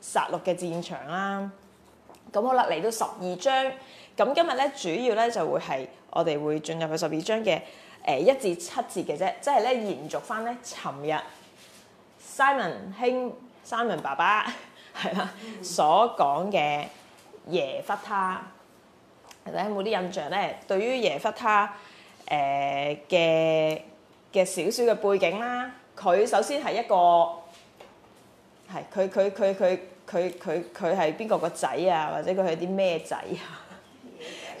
殺戮嘅戰場啦，咁好啦，嚟到十二章，咁今日咧主要咧就會係我哋會進入去十二章嘅誒一至七節嘅啫，即係咧延續翻咧尋日 Simon 兄、Simon 爸爸係啦、mm hmm. 所講嘅耶弗他，睇下有冇啲印象咧？對於耶弗他誒嘅嘅少少嘅背景啦，佢首先係一個。係佢佢佢佢佢佢佢係邊個個仔啊？或者佢係啲咩仔啊？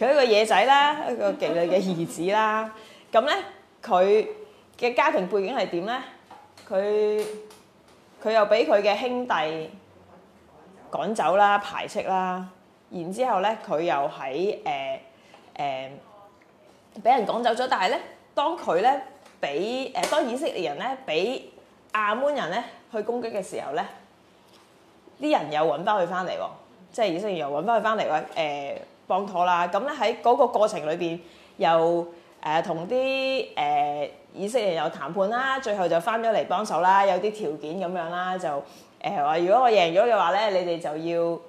佢係 一個野仔啦，一個妓女嘅兒子啦。咁咧， 佢嘅家庭背景係點咧？佢佢又俾佢嘅兄弟趕走啦、排斥啦。然之後咧，佢又喺誒誒俾人趕走咗。但係咧，當佢咧俾誒當以色列人咧俾亞門人咧去攻擊嘅時候咧。啲人又揾翻佢翻嚟喎，即係以色列又揾翻佢翻嚟喎，誒幫拖啦，咁咧喺嗰個過程裏邊又誒同啲誒以色列又談判啦，最後就翻咗嚟幫手啦，有啲條件咁樣啦，就誒話、呃、如果我贏咗嘅話咧，你哋就要誒、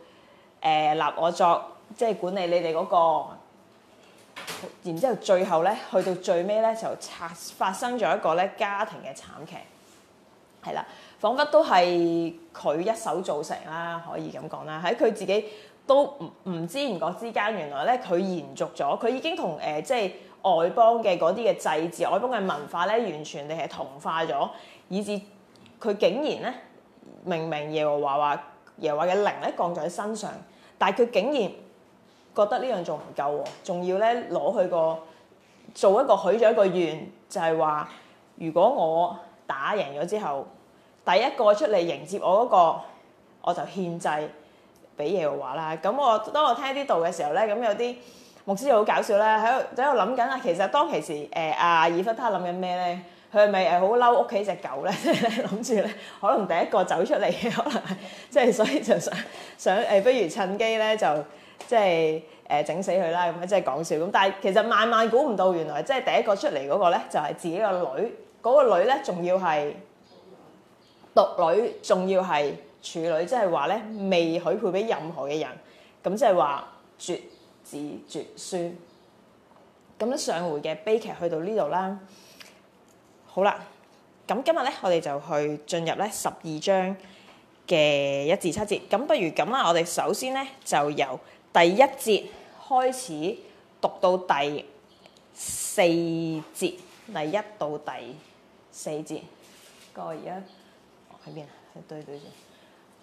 呃、立我作即係管理你哋嗰、那個，然之後最後咧去到最尾咧就發發生咗一個咧家庭嘅慘劇，係啦。彷彿都係佢一手造成啦，可以咁講啦。喺佢自己都唔唔知唔覺之間，原來咧佢延續咗佢已經同誒、呃、即係外邦嘅嗰啲嘅祭祀、外邦嘅文化咧，完全地係同化咗，以至佢竟然咧明明耶和華話耶和華嘅靈咧降在身上，但係佢竟然覺得呢樣仲唔夠喎，仲要咧攞去個做一個許咗一個願，就係、是、話如果我打贏咗之後。第一個出嚟迎接我嗰個，我就獻祭俾耶和華啦。咁我當我聽啲道嘅時候咧，咁有啲牧師又好搞笑咧，喺喺度諗緊啊，其實當其時誒阿耶弗他諗緊咩咧？佢係咪誒好嬲屋企隻狗咧？即係諗住咧，可能第一個走出嚟，可能即係所以就想想誒，不如趁機咧就即係誒整死佢啦咁樣，即係講笑。咁但係其實慢慢估唔到，原來即係第一個出嚟嗰個咧，就係自己個女。嗰個女咧，仲要係。獨女仲要係處女，即係話咧，未許配俾任何嘅人，咁即係話絕子絕孫。咁上回嘅悲劇去到呢度啦，好啦，咁今日咧我哋就去進入咧十二章嘅一至七節。咁不如咁啦，我哋首先咧就由第一節開始讀到第四節，第一到第四節。過而家。喺邊啊？對，對住。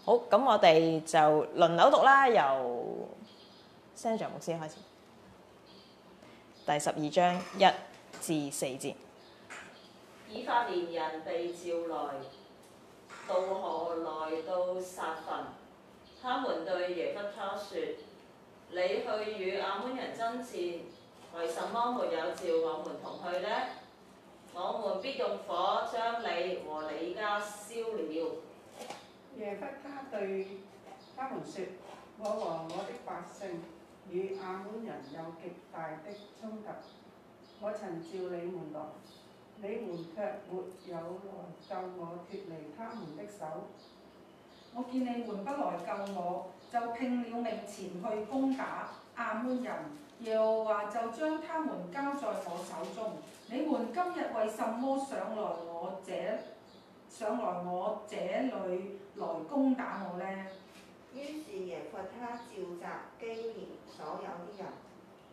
好，咁我哋就輪流讀啦。由聖經牧師開始，第十二章一至四節。以法蓮人被召來，過河來到撒分，他們對耶弗他說：你去與亞捫人爭戰，為什麼沒有召我們同去呢？我們必用火將你和你家燒了。耶弗他對他們説：我和我的百姓與亞捫人有極大的衝突。我曾召你們來，你們卻沒有來救我脱離他們的手。我見你們不來救我，就拼了命前去攻打亞捫人，耶和華就將他們交在我手中。你們今日為什麼上來我這上來我這裏來攻打我呢？於是耶弗他召集基列所有的人，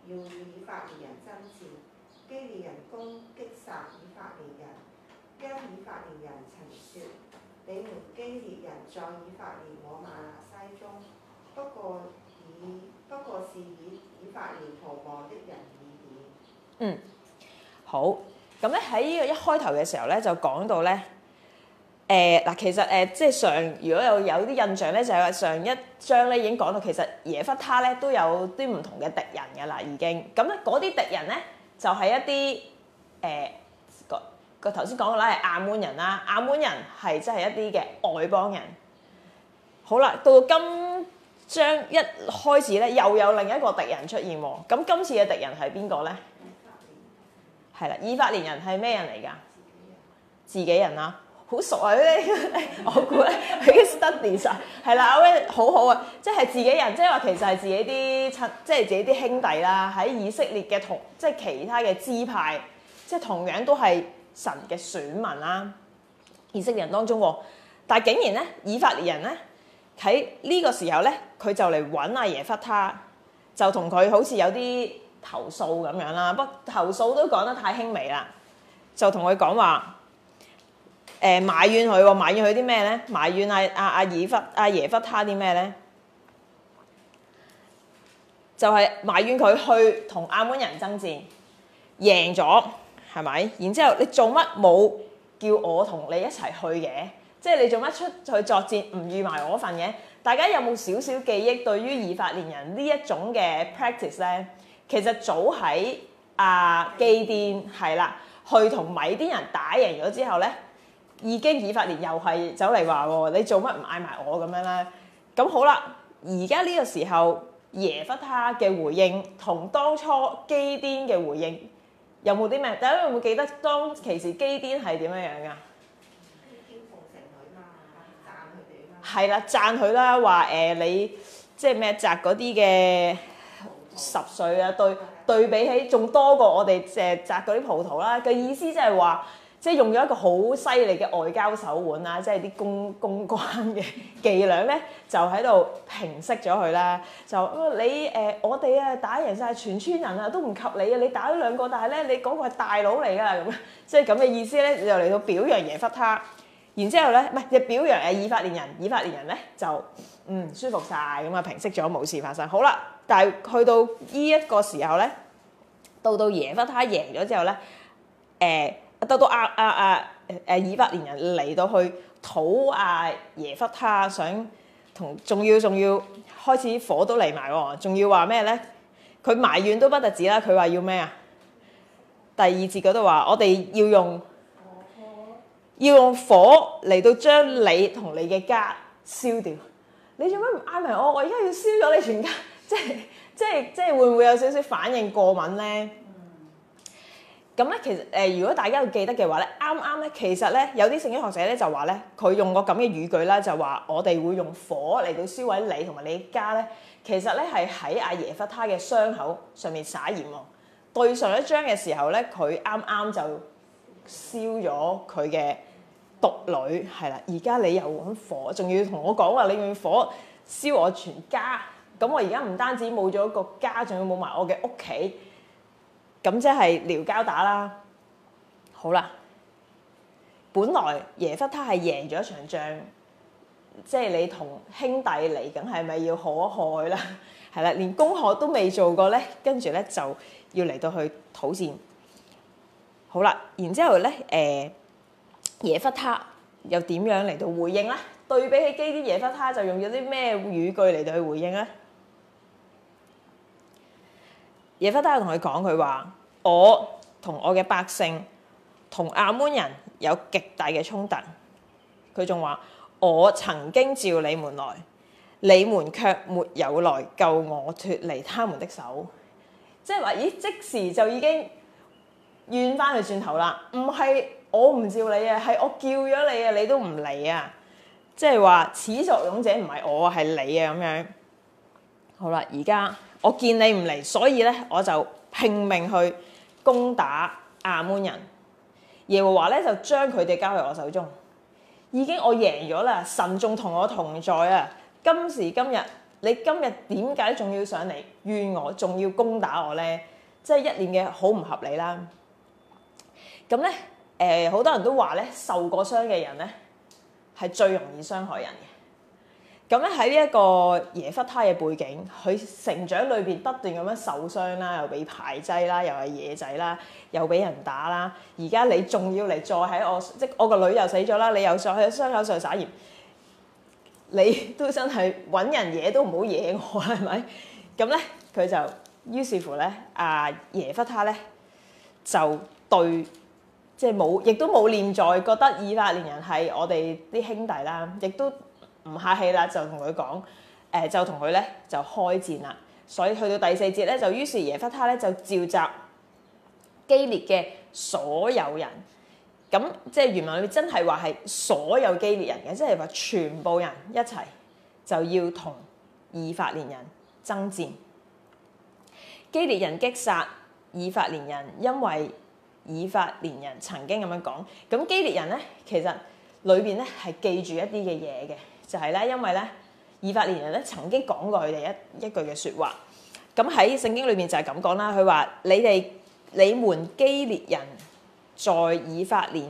要與以法蓮人爭戰。基列人攻擊殺以法蓮人，因以法蓮人曾説：你們基列人在以法蓮我瑪拿西中，不過以不過是以以法蓮逃亡的人而已。」嗯。好，咁咧喺呢個一開頭嘅時候咧，就講到咧，誒、呃、嗱，其實誒、呃、即係上，如果有有啲印象咧，就係話上一章咧已經講到，其實耶忽他咧都有啲唔同嘅敵人嘅啦，已經咁咧嗰啲敵人咧就係、是、一啲誒個個頭先講嘅啦，亞、呃、門人啦，亞門人係即係一啲嘅外邦人。好啦，到今章一開始咧，又有另一個敵人出現喎，咁今次嘅敵人係邊個咧？係啦，以法蓮人係咩人嚟噶？自己人，自己人啊？好熟 猜 啊！我估咧佢已經 study 晒，係啦，好好啊，即係自己人，即係話其實係自己啲親，即係自己啲兄弟啦、啊，喺以色列嘅同，即係其他嘅支派，即係同樣都係神嘅選民啦、啊。以色列人當中、啊，但係竟然咧，以法蓮人咧喺呢個時候咧，佢就嚟揾阿耶弗他，就同佢好似有啲。投訴咁樣啦，不投訴都講得太輕微啦，就同佢講話，誒埋怨佢，埋怨佢啲咩咧？埋怨阿阿阿爾弗阿耶弗他啲咩咧？就係埋怨佢去同亞捫人爭戰贏咗，係咪？然之後你做乜冇叫我同你一齊去嘅？即係你做乜出去作戰唔預埋我份嘅？大家有冇少少記憶對於以法蓮人呢一種嘅 practice 咧？其實早喺啊基甸係啦，嗯啊、去同米甸人打贏咗之後咧，已經以法蓮又係走嚟話喎：你做乜唔嗌埋我咁樣咧？咁好啦，而家呢個時候耶弗他嘅回應同當初基甸嘅回應有冇啲咩？大家有冇記得當其時基甸係點樣成女樣噶？係啦、啊，讚佢啦，話誒、呃、你即係咩摘嗰啲嘅十歲啊，對對，比起仲多過我哋誒、呃、摘嗰啲葡萄啦嘅意思，即係話，即係用咗一個好犀利嘅外交手腕啊，即係啲公公關嘅伎倆咧，就喺度平息咗佢啦。就你誒，我哋啊打贏晒全村人啊都唔及你啊，你打咗兩個，但係咧你嗰個係大佬嚟㗎，咁，即係咁嘅意思咧，就嚟到表揚耶弗他。然之後咧，唔係就表揚誒以法蓮人，以法蓮人咧就嗯舒服晒，咁啊，平息咗冇事發生。好啦，但係去到呢一個時候咧，到到耶弗他贏咗之後咧，誒、呃、到到阿阿阿誒誒以法蓮人嚟到去討阿、啊、耶弗他，想同，仲要仲要開始火都嚟埋，仲要話咩咧？佢埋怨都不特止啦，佢話要咩啊？第二節嗰度話我哋要用。要用火嚟到將你同你嘅家燒掉，你做咩唔嗌埋我？我而家要燒咗你全家， 即係即係即係會唔會有少少反應過敏咧？咁咧、嗯、其實誒、呃，如果大家都記得嘅話咧，啱啱咧其實咧有啲聖經學者咧就話咧，佢用過咁嘅語句啦，就話我哋會用火嚟到燒毀你同埋你家咧，其實咧係喺阿耶弗他嘅傷口上面撒鹽喎。對上一章嘅時候咧，佢啱啱就。燒咗佢嘅獨女，係啦，而家你又揾火，仲要同我講話，你用火燒我全家，咁我而家唔單止冇咗個家，仲要冇埋我嘅屋企，咁即係撩交打啦。好啦，本來耶弗他係贏咗一場仗，即係你同兄弟嚟緊，係咪要可害啦？係啦，連公學都未做過咧，跟住咧就要嚟到去討戰。好啦，然之後咧，誒耶弗他又點樣嚟到回應咧？對比起基啲耶弗他，就用咗啲咩語句嚟到去回應咧？耶弗他又同佢講，佢話：我同我嘅百姓同亞門人有極大嘅衝突。佢仲話：我曾經召你們來，你們卻沒有來救我脱離他們的手。即係話，咦？即時就已經。怨翻去轉頭啦，唔係我唔照你啊，係我叫咗你啊，你都唔嚟啊，即係話始作俑者唔係我係你啊，咁樣好啦。而家我見你唔嚟，所以咧我就拼命去攻打亞捫人。耶和華咧就將佢哋交喺我手中，已經我贏咗啦。神仲同我同在啊，今時今日你今日點解仲要上嚟怨我，仲要攻打我咧？即係一年嘅好唔合理啦。咁咧，誒好、呃、多人都話咧，受過傷嘅人咧係最容易傷害人嘅。咁咧喺呢一個耶弗他嘅背景，佢成長裏邊不斷咁樣受傷啦，又俾排擠啦，又係野仔啦，又俾人打啦。而家你仲要嚟再喺我，即係我個女又死咗啦，你又再喺傷口上撒鹽，你都真係揾人嘢都唔好惹我係咪？咁咧佢就於是乎咧，阿、啊、耶弗他咧就對。即係冇，亦都冇念在覺得以法連人係我哋啲兄弟啦，亦都唔客氣啦，就同佢講，誒、呃、就同佢咧就開戰啦。所以去到第四節咧，就於是耶弗他咧就召集基列嘅所有人，咁即係原文裏面真係話係所有基列人嘅，即係話全部人一齊就要同以法連人爭戰，基列人擊殺以法連人，因為。以法蓮人曾經咁樣講，咁基列人咧，其實裏邊咧係記住一啲嘅嘢嘅，就係咧，因為咧，以法蓮人咧曾經講過佢哋一一句嘅説話，咁喺聖經裏邊就係咁講啦。佢話：你哋你們基列人在以法蓮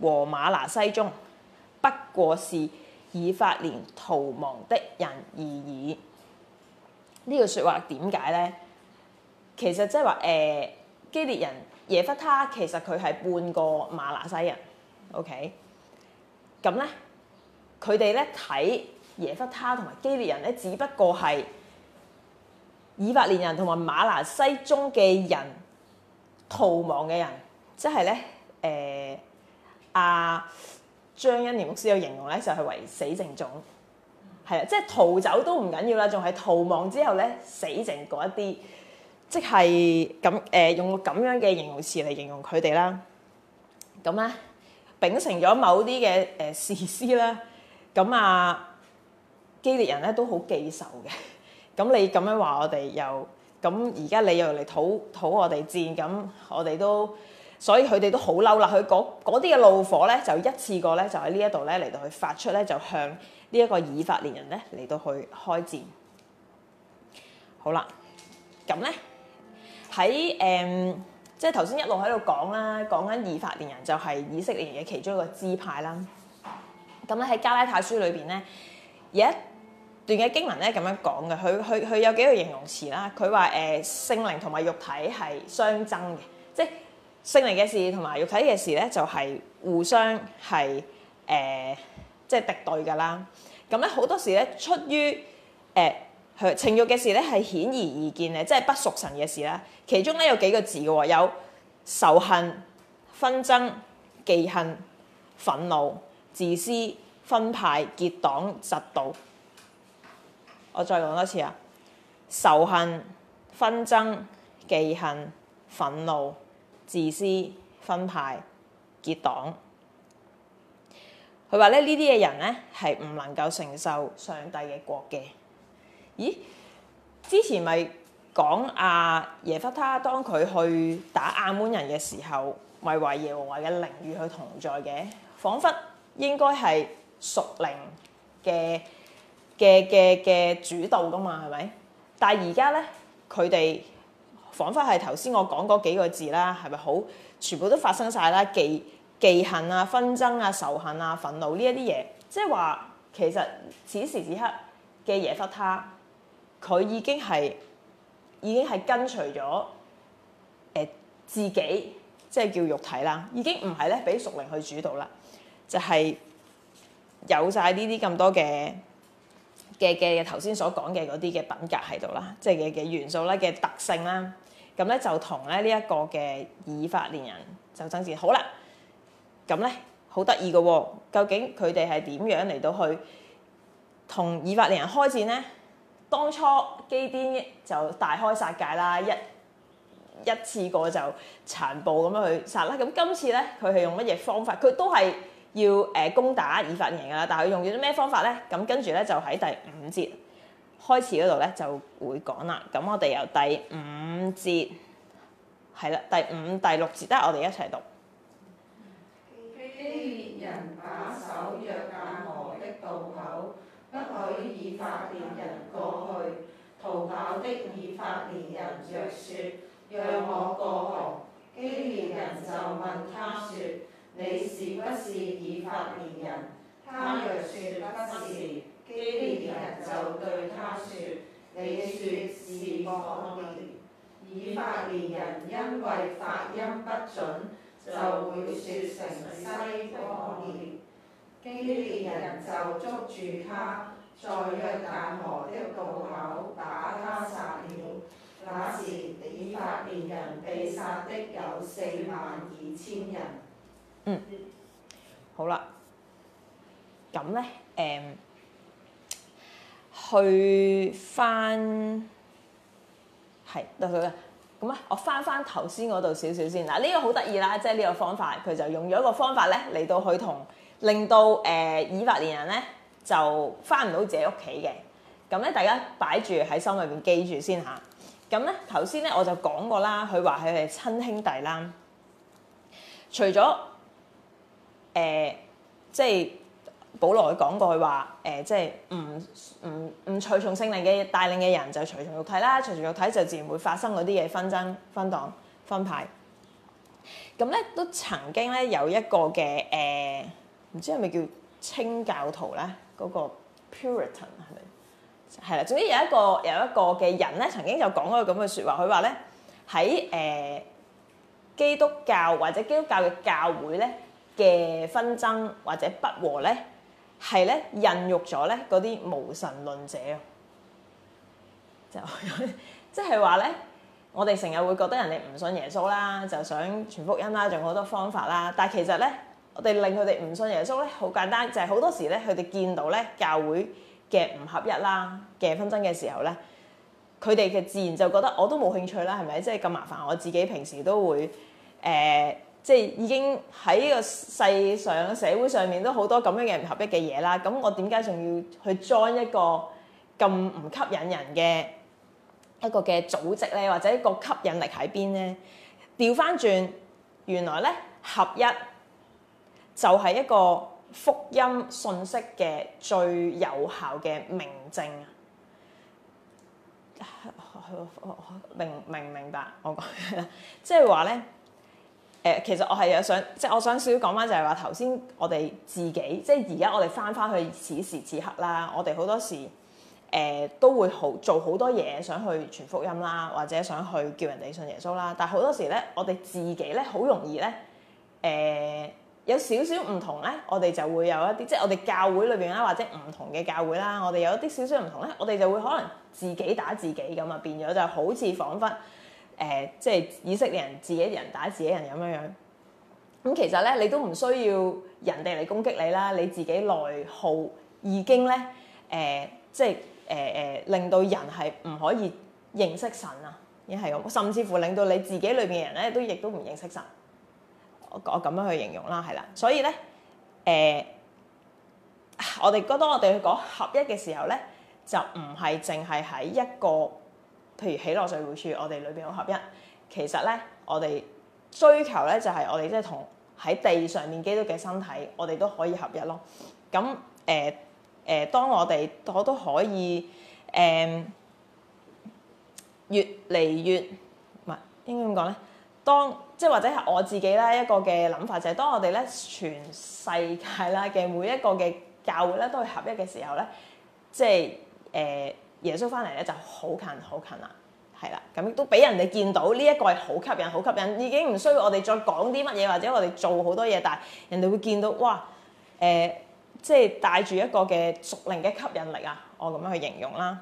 和瑪拿西中，不過是以法蓮逃亡的人而已。這個、說呢個説話點解咧？其實即係話誒，基列人。耶弗他其實佢係半個馬拿西人，OK，咁咧佢哋咧睇耶弗他同埋基列人咧，只不過係以法蓮人同埋馬拿西中嘅人逃亡嘅人，即係咧誒阿張恩年牧師嘅形容咧，就係、是、為死剩種，係啊，即係逃走都唔緊要啦，仲係逃亡之後咧死剩嗰一啲，即係咁誒，用咁樣嘅形容詞嚟形容佢哋啦。咁咧，秉承咗某啲嘅誒士師啦。咁、呃、啊，基列人咧都好記仇嘅。咁你咁樣話我哋又咁，而家你又嚟討討我哋戰，咁我哋都所以佢哋都好嬲啦。佢嗰啲嘅怒火咧，就一次過咧，就喺呢一度咧嚟到去發出咧，就向呢一個以法連人咧嚟到去開戰。好啦，咁咧。喺誒，即係頭先一路喺度講啦，講緊以法連人就係以色列人嘅其中一個支派啦。咁咧喺加拉太書裏邊咧，有一段嘅經文咧咁樣講嘅，佢佢佢有幾個形容詞啦。佢話誒，聖靈同埋肉體係相爭嘅，即係聖靈嘅事同埋肉體嘅事咧、呃，就係互相係誒即係敵對噶啦。咁咧好多時咧，出於誒。係情欲嘅事咧，係顯而易見嘅，即係不屬神嘅事啦。其中咧有幾個字嘅喎，有仇恨、紛爭、忌恨、憤怒、自私、分派、結黨、嫉妒。我再講多次啊！仇恨、紛爭、忌恨、忌恨、憤怒、自私、分派、結黨。佢話咧，呢啲嘅人咧係唔能夠承受上帝嘅國嘅。咦？之前咪講阿耶弗他當佢去打亞門人嘅時候，咪話耶和華嘅靈與佢同在嘅，彷彿應該係屬靈嘅嘅嘅嘅主導㗎嘛，係咪？但係而家咧，佢哋彷彿係頭先我講嗰幾個字啦，係咪好？全部都發生晒啦，忌忌恨啊、紛爭啊、仇恨啊、憤怒呢一啲嘢，即係話其實此時此刻嘅耶弗他。佢已經係已經係跟隨咗誒自己，即係叫肉體啦，已經唔係咧俾熟靈去主導啦，就係、是、有晒呢啲咁多嘅嘅嘅頭先所講嘅嗰啲嘅品格喺度啦，即係嘅嘅元素啦，嘅特性啦，咁咧就同咧呢一個嘅以法連人就爭戰。好啦，咁咧好得意嘅喎，究竟佢哋係點樣嚟到去同以法連人開戰咧？當初基甸就大開殺戒啦，一一次過就殘暴咁樣去殺啦。咁今次咧，佢係用乜嘢方法？佢都係要誒、呃、攻打已發型以法蓮噶啦，但係佢用咗啲咩方法咧？咁跟住咧就喺第五節開始嗰度咧就會講啦。咁我哋由第五節係啦，第五、第六節，得我哋一齊讀。.若說，讓我過河，基列人就問他說：“你是不是以法蓮人？”他若說：“不是，”基列人就對他說：“你說是示播列。”以法蓮人因為發音不準，就會說成西播列。基列人就捉住他，在約但河的渡口把他殺了。那時，以法蓮人被殺的有四萬二千人，嗯。嗯，好啦，咁咧，誒，去翻係，咁啊，我翻翻頭先嗰度少少先嗱。呢、這個好得意啦，即係呢個方法，佢就用咗一個方法咧嚟到去同令到誒、呃、以法蓮人咧就翻唔到自己屋企嘅。咁咧，大家擺住喺心裏邊記住先嚇。咁咧，頭先咧我就講過啦，佢話佢係親兄弟啦。除咗誒、呃，即係保羅講過，佢話誒，即係唔唔唔隨從聖靈嘅帶領嘅人，就隨從肉體啦，隨從肉體就自然會發生嗰啲嘢分爭、分黨、分派。咁、嗯、咧都曾經咧有一個嘅誒，唔、呃、知係咪叫清教徒咧？嗰、那個 Puritan 係咪？係啦，總之有一個有一個嘅人咧，曾經就講過咁嘅説話。佢話咧喺誒基督教或者基督教嘅教會咧嘅紛爭或者不和咧，係咧孕育咗咧嗰啲無神論者。就即係話咧，我哋成日會覺得人哋唔信耶穌啦，就想傳福音啦，仲有好多方法啦。但係其實咧，我哋令佢哋唔信耶穌咧，好簡單，就係好多時咧，佢哋見到咧教會嘅唔合一啦，嘅紛爭嘅時候咧，佢哋嘅自然就覺得我都冇興趣啦，係咪？即係咁麻煩，我自己平時都會誒，即、呃、係、就是、已經喺呢個世上社會上面都好多咁樣嘅唔合一嘅嘢啦。咁我點解仲要去 join 一個咁唔吸引人嘅一個嘅組織咧？或者一個吸引力喺邊咧？調翻轉，原來咧合一就係一個。福音信息嘅最有效嘅明證啊，明明唔明白我講？即係話咧，誒、呃，其實我係有想，即係我想少少講翻，就係話頭先我哋自己，即係而家我哋翻翻去此時此刻啦，我哋好多時誒、呃、都會好做好多嘢，想去傳福音啦，或者想去叫人哋信耶穌啦，但係好多時咧，我哋自己咧好容易咧，誒、呃。有少少唔同咧，我哋就會有一啲，即係我哋教會裏邊啦，或者唔同嘅教會啦，我哋有一啲少少唔同咧，我哋就會可能自己打自己咁啊，變咗就好似彷彿誒、呃，即係以色列人自己人打自己人咁樣樣。咁、嗯、其實咧，你都唔需要人哋嚟攻擊你啦，你自己內耗已經咧誒、呃，即係誒誒，令到人係唔可以認識神啊，亦係咁，甚至乎令到你自己裏邊嘅人咧，都亦都唔認識神。我我咁樣去形容啦，係啦，所以咧，誒、呃，我哋覺得我哋去講合一嘅時候咧，就唔係淨係喺一個，譬如喜樂聚會處，我哋裏邊好合一。其實咧，我哋追求咧就係、是、我哋即係同喺地上面基督嘅身體，我哋都可以合一咯。咁誒誒，當我哋我都可以誒、呃，越嚟越唔係應該點講咧？當即係或者係我自己咧一個嘅諗法就係、是，當我哋咧全世界啦嘅每一個嘅教會咧都係合一嘅時候咧，即係誒耶穌翻嚟咧就好近好近啦，係啦，咁都俾人哋見到呢一、這個係好吸引好吸引，已經唔需要我哋再講啲乜嘢或者我哋做好多嘢，但係人哋會見到哇誒，即係帶住一個嘅屬靈嘅吸引力啊，我咁樣去形容啦。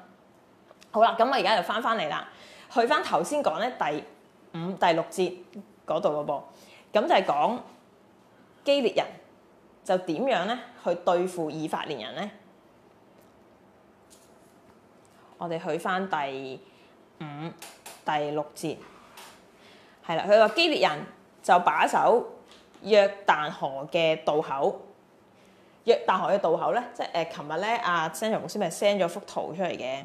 好啦，咁我而家就翻翻嚟啦，去翻頭先講咧第五第六節。嗰度個噃，咁就係講基列人就點樣咧去對付以法蓮人咧？我哋去翻第五、第六節，係啦。佢話基列人就把守約但河嘅渡口，約但河嘅渡口咧，即係誒，琴日咧，阿 Samson 老師咪 send 咗幅圖出嚟嘅，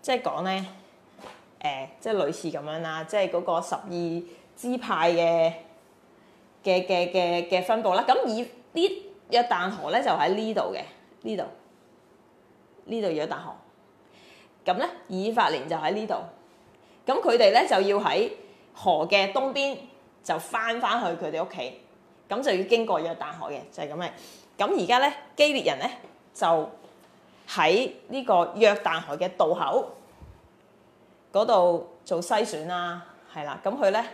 即係講咧，誒、呃，即係類似咁樣啦，即係嗰個十二支派嘅嘅嘅嘅嘅分布啦，咁以呢約旦河咧就喺呢度嘅，呢度呢度約旦河，咁咧以法蓮就喺呢度，咁佢哋咧就要喺河嘅東邊就翻翻去佢哋屋企，咁就要經過約旦河嘅，就係咁嘅。咁而家咧基列人咧就喺呢個約旦河嘅渡口嗰度做篩選啦，係啦，咁佢咧。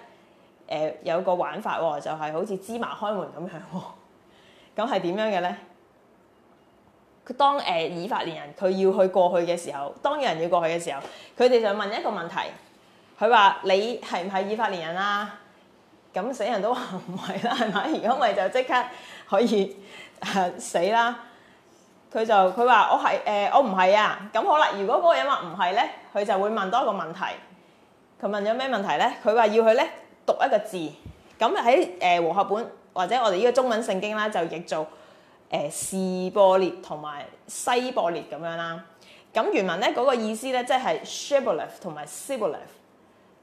誒、呃、有個玩法喎、哦，就係、是、好似芝麻開門咁樣。咁係點樣嘅咧？佢當誒、呃、以法連人，佢要去過去嘅時候，當有人要過去嘅時候，佢哋就問一個問題。佢話：你係唔係以法連人啊？咁死人都話唔係啦，係咪、呃呃啊？如果唔係就即刻可以死啦。佢就佢話：我係誒，我唔係啊。咁好啦，如果嗰個人話唔係咧，佢就會問多一個問題。佢問咗咩問題咧？佢話要去咧。讀一個字，咁喺誒和合本或者我哋呢個中文聖經啦，就譯做誒士波列同埋西波列咁樣啦。咁原文咧嗰、那個意思咧，即係 Shiboleth 同埋 Siboleth，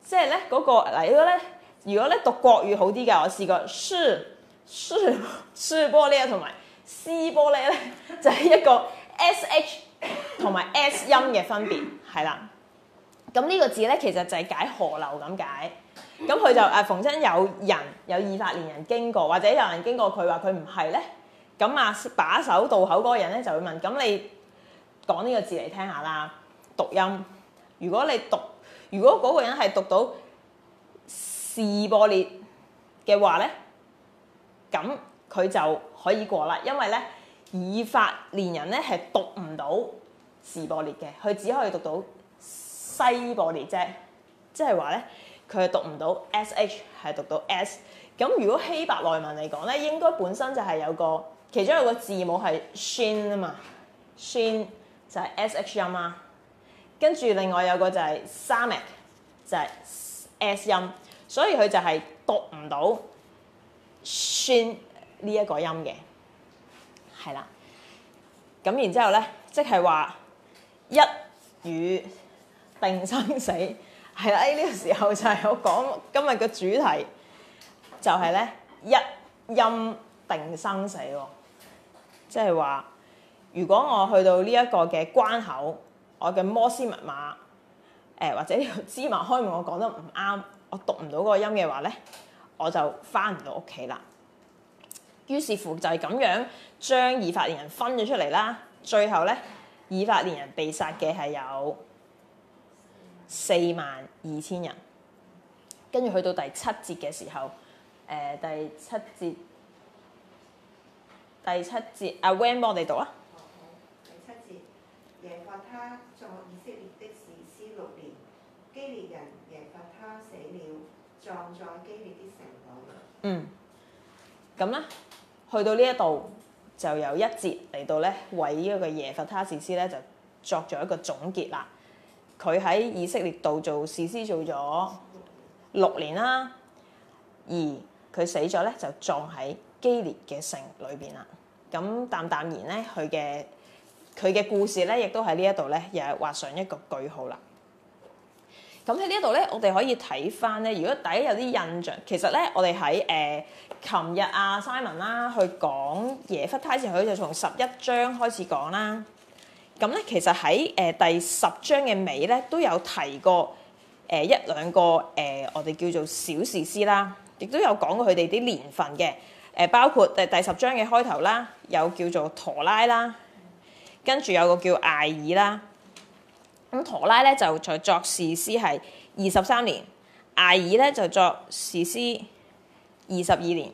即係咧嗰個嗱如果咧，如果咧讀國語好啲嘅，我試過士士士波列同埋西波列咧，就係、是、一個 sh 同埋 s 音嘅分別，係啦。咁呢個字咧，其實就係解河流咁解。咁佢就誒、啊，逢親有人有以法蓮人經過，或者有人經過，佢話佢唔係咧，咁啊把守渡口嗰個人咧就會問：咁你講呢個字嚟聽下啦，讀音。如果你讀，如果嗰個人係讀到示播列嘅話咧，咁佢就可以過啦，因為咧以法蓮人咧係讀唔到示播列嘅，佢只可以讀到西播列啫，即係話咧。佢係讀唔到 sh，係讀到 s。咁如果希伯來文嚟講咧，應該本身就係有個其中有個字母係 shin 啊嘛，shin 就係 sh 音啊。跟住另外有個就係 samek，就係 s 音。所以佢就係讀唔到 shin 呢一個音嘅，係啦。咁然之後咧，即係話一語定生死。係啦，呢個時候就係我講今日嘅主題，就係、是、咧一音定生死喎，即係話如果我去到呢一個嘅關口，我嘅摩斯密碼，誒、呃、或者呢條芝麻開門，我講得唔啱，我讀唔到嗰個音嘅話咧，我就返唔到屋企啦。於是乎就係咁樣將以法蓮人分咗出嚟啦。最後咧，以法蓮人被殺嘅係有四萬二千人，跟住去到第七節嘅時候，誒第七節，第七節，阿 Van 幫我哋讀啊。好，第七節、啊哦、耶弗他作以色列的士師六年，基利人耶弗他死了，葬在基利的城堡裏。嗯，咁咧，去到，一到呢一度就由一節嚟到咧，為呢一個耶弗他士師咧，就作咗一個總結啦。佢喺以色列度做士師做咗六年啦，而佢死咗咧就葬喺基列嘅城裏邊啦。咁淡淡然咧，佢嘅佢嘅故事咧，亦都喺呢一度咧，又係畫上一個句號啦。咁喺呢一度咧，我哋可以睇翻咧，如果大家有啲印象，其實咧，我哋喺誒琴日啊 Simon 啦、啊、去講耶弗他時，佢就從十一章開始講啦。咁咧，其實喺誒第十章嘅尾咧，都有提過誒一兩個誒我哋叫做小士師啦，亦都有講過佢哋啲年份嘅誒，包括第第十章嘅開頭啦，有叫做陀拉啦，跟住有個叫艾爾啦。咁陀拉咧就才作士師係二十三年，艾爾咧就作士師二十二年，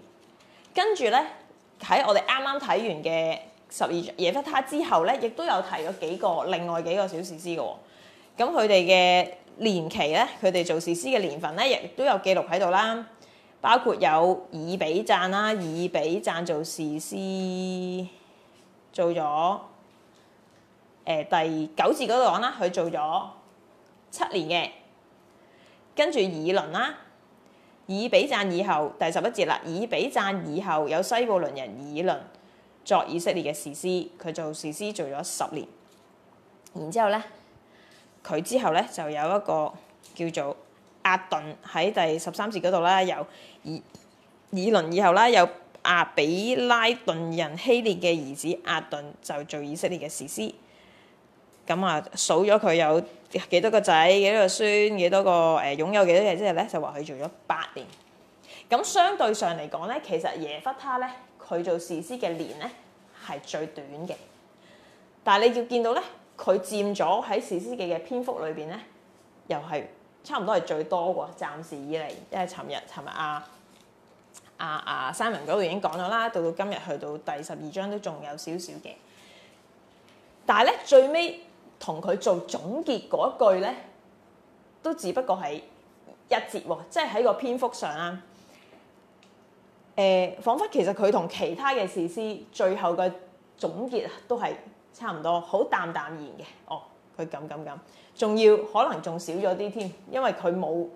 跟住咧喺我哋啱啱睇完嘅。十二，耶弗他之後咧，亦都有提咗幾個，另外幾個小士師嘅喎。咁佢哋嘅年期咧，佢哋做士師嘅年份咧，亦都有記錄喺度啦。包括有以比贊啦，以比贊做士師做咗誒、呃、第九節嗰度講啦，佢做咗七年嘅。跟住以倫啦，以比贊以後第十一節啦，以比贊以後有西布倫人以倫。作以色列嘅士師，佢做士師做咗十年，然後呢之後咧，佢之後咧就有一個叫做阿頓喺第十三節嗰度啦，有以以倫以後啦，有阿比拉頓人希列嘅兒子阿頓就做以色列嘅士師。咁啊數咗佢有幾多個仔、幾多個孫、幾多個誒擁、呃、有幾多嘢之後咧，就話佢做咗八年。咁相對上嚟講咧，其實耶弗他咧，佢做士師嘅年咧係最短嘅，但係你要見到咧，佢佔咗喺士師記嘅篇幅裏邊咧，又係差唔多係最多喎。暫時以嚟，因為尋日尋日啊啊啊，三文嗰度已經講咗啦，到到今日去到第十二章都仲有少少嘅，但係咧最尾同佢做總結嗰一句咧，都只不過係一節喎，即係喺個篇幅上啊。誒、呃，彷彿其實佢同其他嘅士師最後嘅總結都係差唔多，好淡淡然嘅。哦，佢咁咁咁，仲要可能仲少咗啲添，因為佢冇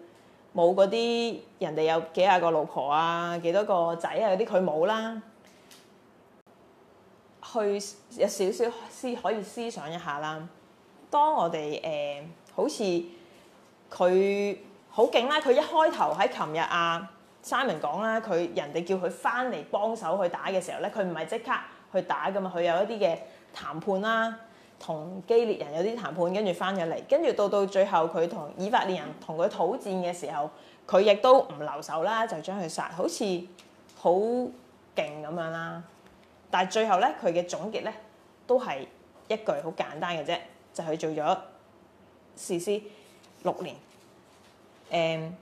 冇嗰啲人哋有幾廿個老婆啊，幾多個仔啊，啊有啲佢冇啦。去有少少思可以思想一下啦。當我哋誒、呃、好似佢好勁啦，佢一開頭喺琴日啊。Simon 講啦，佢人哋叫佢翻嚟幫手去打嘅時候咧，佢唔係即刻去打㗎嘛，佢有一啲嘅談判啦，同基列人有啲談判，跟住翻咗嚟，跟住到到最後佢同以法蓮人同佢討戰嘅時候，佢亦都唔留守啦，就將佢殺，好似好勁咁樣啦。但係最後咧，佢嘅總結咧都係一句好簡單嘅啫，就係、是、做咗士師六年。誒、嗯。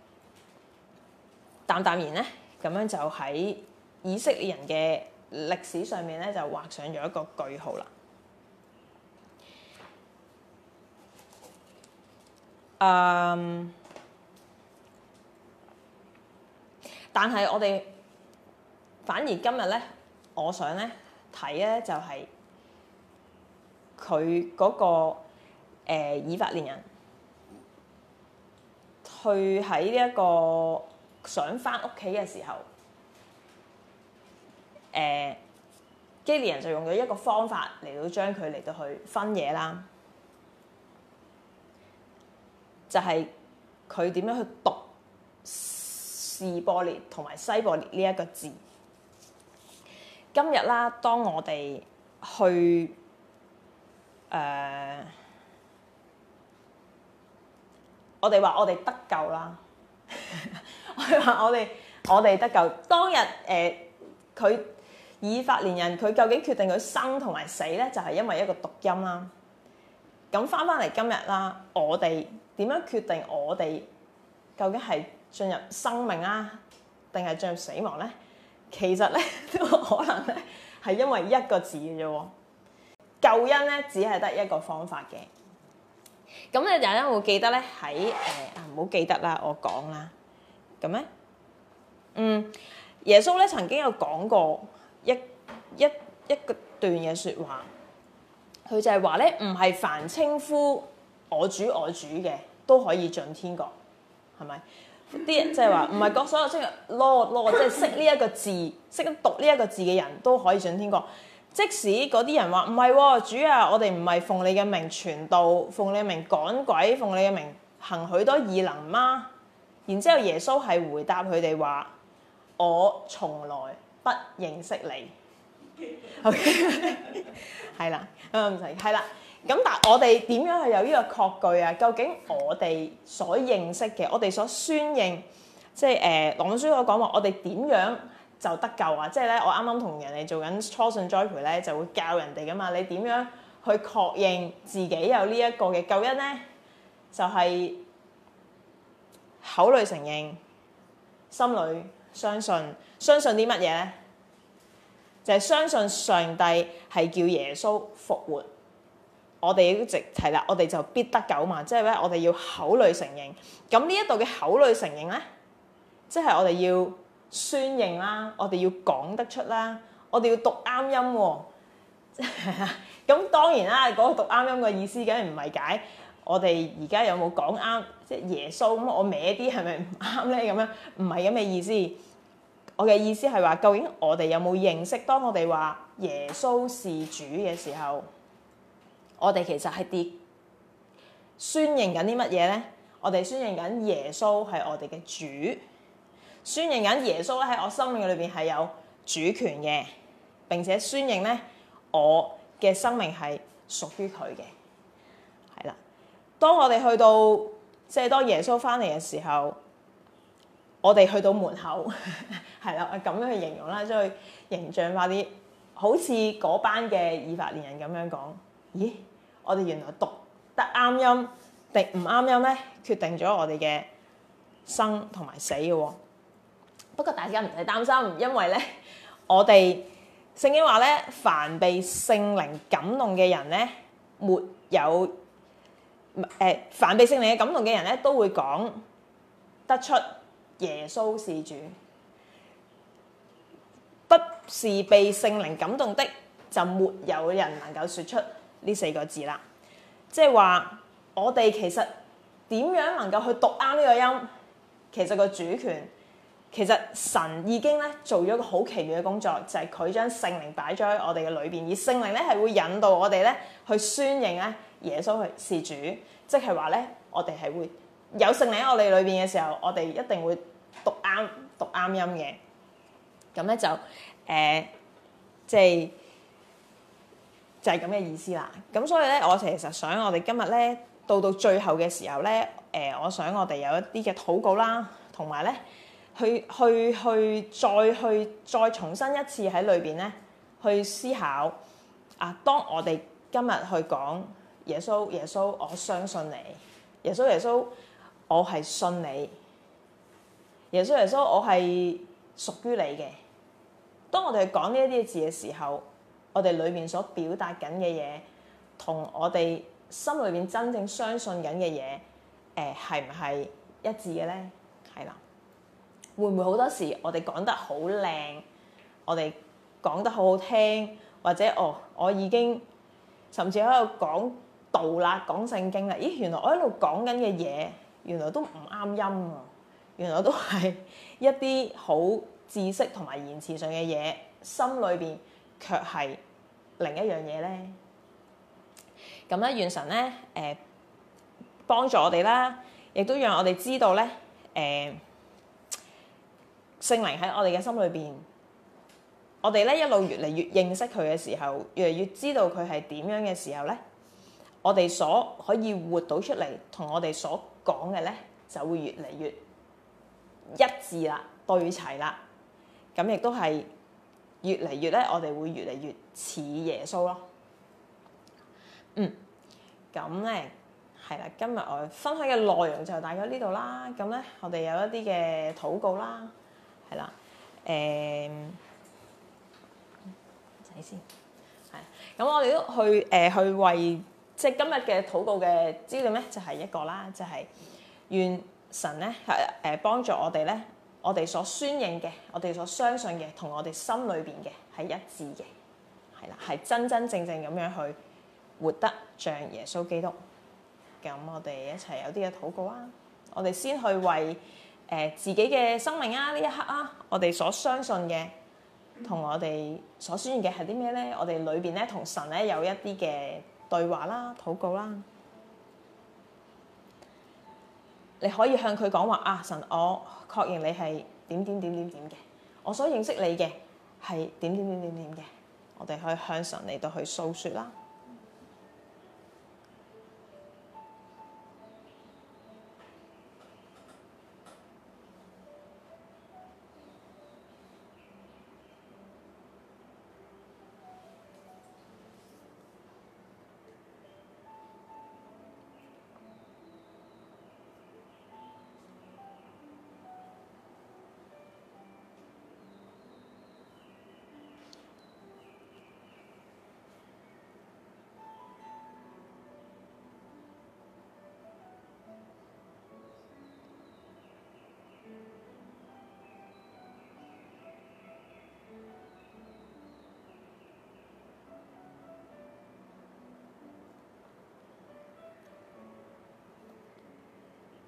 淡淡然咧，咁樣就喺以色列人嘅歷史上面咧，就畫上咗一個句號啦。誒、um,，但係我哋反而今日咧，我想咧睇咧，就係佢嗰個、呃、以法蓮人去喺呢一個想翻屋企嘅時候，誒、呃，基列人就用咗一個方法嚟到將佢嚟到去分嘢啦，就係佢點樣去讀「示播列」同埋「西播列」呢一個字。今日啦，當我哋去誒、呃，我哋話我哋得救啦。 我話我哋我哋得救當日誒，佢、呃、以法蓮人佢究竟決定佢生同埋死咧，就係、是、因為一個讀音啦。咁翻翻嚟今日啦，我哋點樣決定我哋究竟係進入生命啦，啊，定係進入死亡咧？其實咧都可能咧係因為一個字嘅啫喎，救恩咧只係得一個方法嘅。咁你陣間會記得咧喺，誒唔好記得啦，我講啦。咁咩？嗯，耶穌咧曾經有講過一一一個段嘅說話，佢就係話咧唔係凡稱呼我主我主嘅都可以進天國，係咪？啲 即係話唔係講所有識 Lord Lord 即係識呢一個字，識讀呢一個字嘅人都可以進天國。即使嗰啲人話唔係，主啊，我哋唔係奉你嘅名傳道，奉你嘅名趕鬼，奉你嘅名行許多異能嗎？然之後，耶穌係回答佢哋話：我從來不認識你。係、okay. 啦， 嗯，係啦。咁但係我哋點樣去有呢個確據啊？究竟我哋所認識嘅，我哋所宣認，即係誒，朗書所講話，我哋點樣就得救啊？即係咧，我啱啱同人哋做緊初信栽培咧，就會教人哋㗎嘛。你點樣去確認自己有呢一個嘅救恩咧？就係、是。口裏承認，心裏相信，相信啲乜嘢咧？就係、是、相信上帝係叫耶穌復活，我哋一直係啦，我哋就必得救嘛。即係咧，我哋要口裏承認。咁呢一度嘅口裏承認咧，即、就、係、是、我哋要宣認啦，我哋要講得出啦，我哋要讀啱音、哦。咁 當然啦，嗰、那個讀啱音嘅意，意思，梗係唔係解我哋而家有冇講啱。即係耶穌咁，我歪啲係咪唔啱咧？咁樣唔係咁嘅意思。我嘅意思係話，究竟我哋有冇認識？當我哋話耶穌是主嘅時候，我哋其實係啲宣認緊啲乜嘢咧？我哋宣認緊耶穌係我哋嘅主，宣認緊耶穌咧喺我生命裏邊係有主權嘅，並且宣認咧我嘅生命係屬於佢嘅。係啦，當我哋去到。即係當耶穌翻嚟嘅時候，我哋去到門口，係 啦，咁樣去形容啦，即係形象化啲，好似嗰班嘅以法蓮人咁樣講。咦，我哋原來讀得啱音定唔啱音咧，決定咗我哋嘅生同埋死嘅喎。不過大家唔使擔心，因為咧，我哋聖經話咧，凡被聖靈感動嘅人咧，沒有。唔誒，凡被聖靈感動嘅人咧，都會講得出耶穌是主。不是被聖靈感動的，就沒有人能夠說出呢四個字啦。即係話，我哋其實點樣能夠去讀啱呢個音？其實個主權，其實神已經咧做咗一個好奇妙嘅工作，就係佢將聖靈擺咗喺我哋嘅裏邊，而聖靈咧係會引導我哋咧去宣認咧。耶穌係事主，即係話咧，我哋係會有聖靈我哋裏邊嘅時候，我哋一定會讀啱讀啱音嘅。咁咧就誒，即、呃、係就係咁嘅意思啦。咁所以咧，我其實想我哋今日咧到到最後嘅時候咧，誒、呃，我想我哋有一啲嘅禱告啦，同埋咧去去去再去再重新一次喺裏邊咧去思考啊。當我哋今日去講。耶穌，耶穌，我相信你。耶穌，耶穌，我係信你。耶穌，耶穌，我係屬於你嘅。當我哋講呢一啲字嘅時候，我哋裏面所表達緊嘅嘢，同我哋心裏面真正相信緊嘅嘢，誒、呃，係唔係一致嘅咧？係啦，會唔會好多時我哋講得好靚，我哋講得好好聽，或者哦，我已經甚至喺度講道啦，講聖經啦，咦？原來我一路講緊嘅嘢，原來都唔啱音啊！原來都係一啲好知識同埋言辭上嘅嘢，心裏邊卻係另一樣嘢咧。咁咧，願神咧，誒、呃、幫助我哋啦，亦都讓我哋知道咧，誒聖靈喺我哋嘅心裏邊，我哋咧一路越嚟越認識佢嘅時候，越嚟越知道佢係點樣嘅時候咧。我哋所可以活到出嚟，同我哋所講嘅咧，就會越嚟越一致啦，對齊啦。咁亦都係越嚟越咧，我哋會越嚟越似耶穌咯。嗯，咁咧係啦。今日我分享嘅內容就大概呢度啦。咁咧，我哋有一啲嘅禱告啦，係啦。誒、呃，睇先係。咁我哋都去誒、呃、去為。即係今日嘅禱告嘅資料咧，就係一個啦，就係願神咧係誒幫助我哋咧，我哋所宣認嘅，我哋所相信嘅，同我哋心裏邊嘅係一致嘅，係啦，係真真正正咁樣去活得像耶穌基督。咁我哋一齊有啲嘅禱告啊！我哋先去為誒、呃、自己嘅生命啊，呢一刻啊，我哋所相信嘅同我哋所宣認嘅係啲咩咧？我哋裏邊咧同神咧有一啲嘅。對話啦，禱告啦，你可以向佢講話啊，神，我確認你係點點點點點嘅，我所認識你嘅係點點點點點嘅，我哋可以向神嚟到去訴說啦。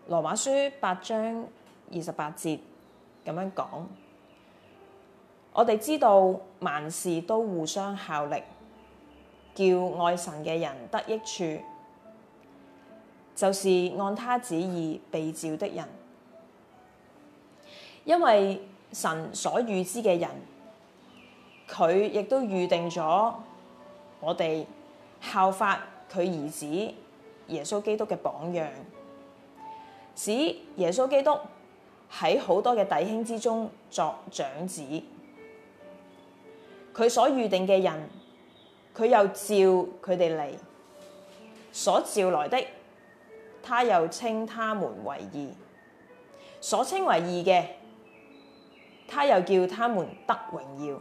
羅馬書八章二十八節咁樣講，我哋知道萬事都互相效力，叫愛神嘅人得益處，就是按他旨意被召的人，因為神所預知嘅人，佢亦都預定咗我哋效法佢兒子耶穌基督嘅榜樣。指耶穌基督喺好多嘅弟兄之中作長子，佢所預定嘅人，佢又召佢哋嚟，所召來的，他又稱他們為義，所稱為義嘅，他又叫他們得榮耀。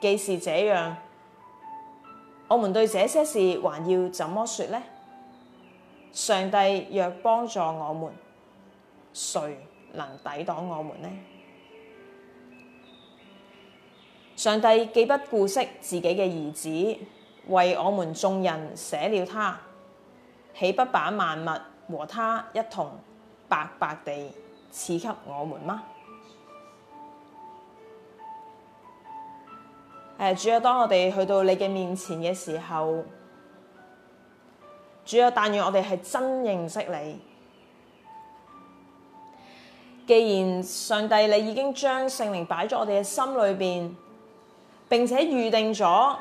既是這樣，我們對這些事還要怎麼說呢？上帝若幫助我們，誰能抵擋我們呢？上帝既不顧惜自己嘅兒子，為我們眾人捨了他，豈不把萬物和他一同白白地賜給我們嗎？主啊，主要當我哋去到你嘅面前嘅時候。主要，但願我哋係真認識你。既然上帝你已經將聖靈擺咗我哋嘅心裏邊，並且預定咗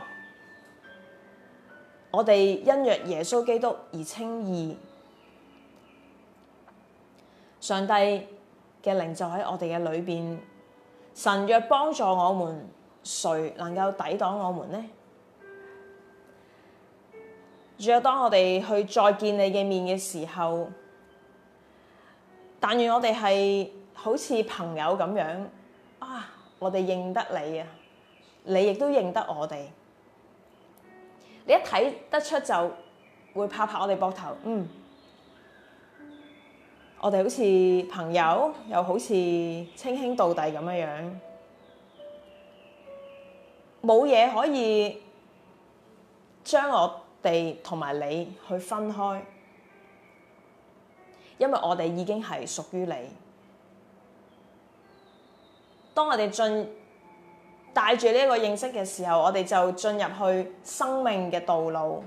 我哋因若耶穌基督而稱義，上帝嘅靈就喺我哋嘅裏邊。神若幫助我們，誰能夠抵擋我們呢？仲有，當我哋去再見你嘅面嘅時候，但願我哋係好似朋友咁樣啊！我哋認得你啊，你亦都認得我哋。你一睇得出就會拍拍我哋膊頭，嗯，我哋好似朋友，又好似稱兄道弟咁樣，冇嘢可以將我地同埋你去分開，因為我哋已經係屬於你。當我哋進帶住呢一個認識嘅時候，我哋就進入去生命嘅道路，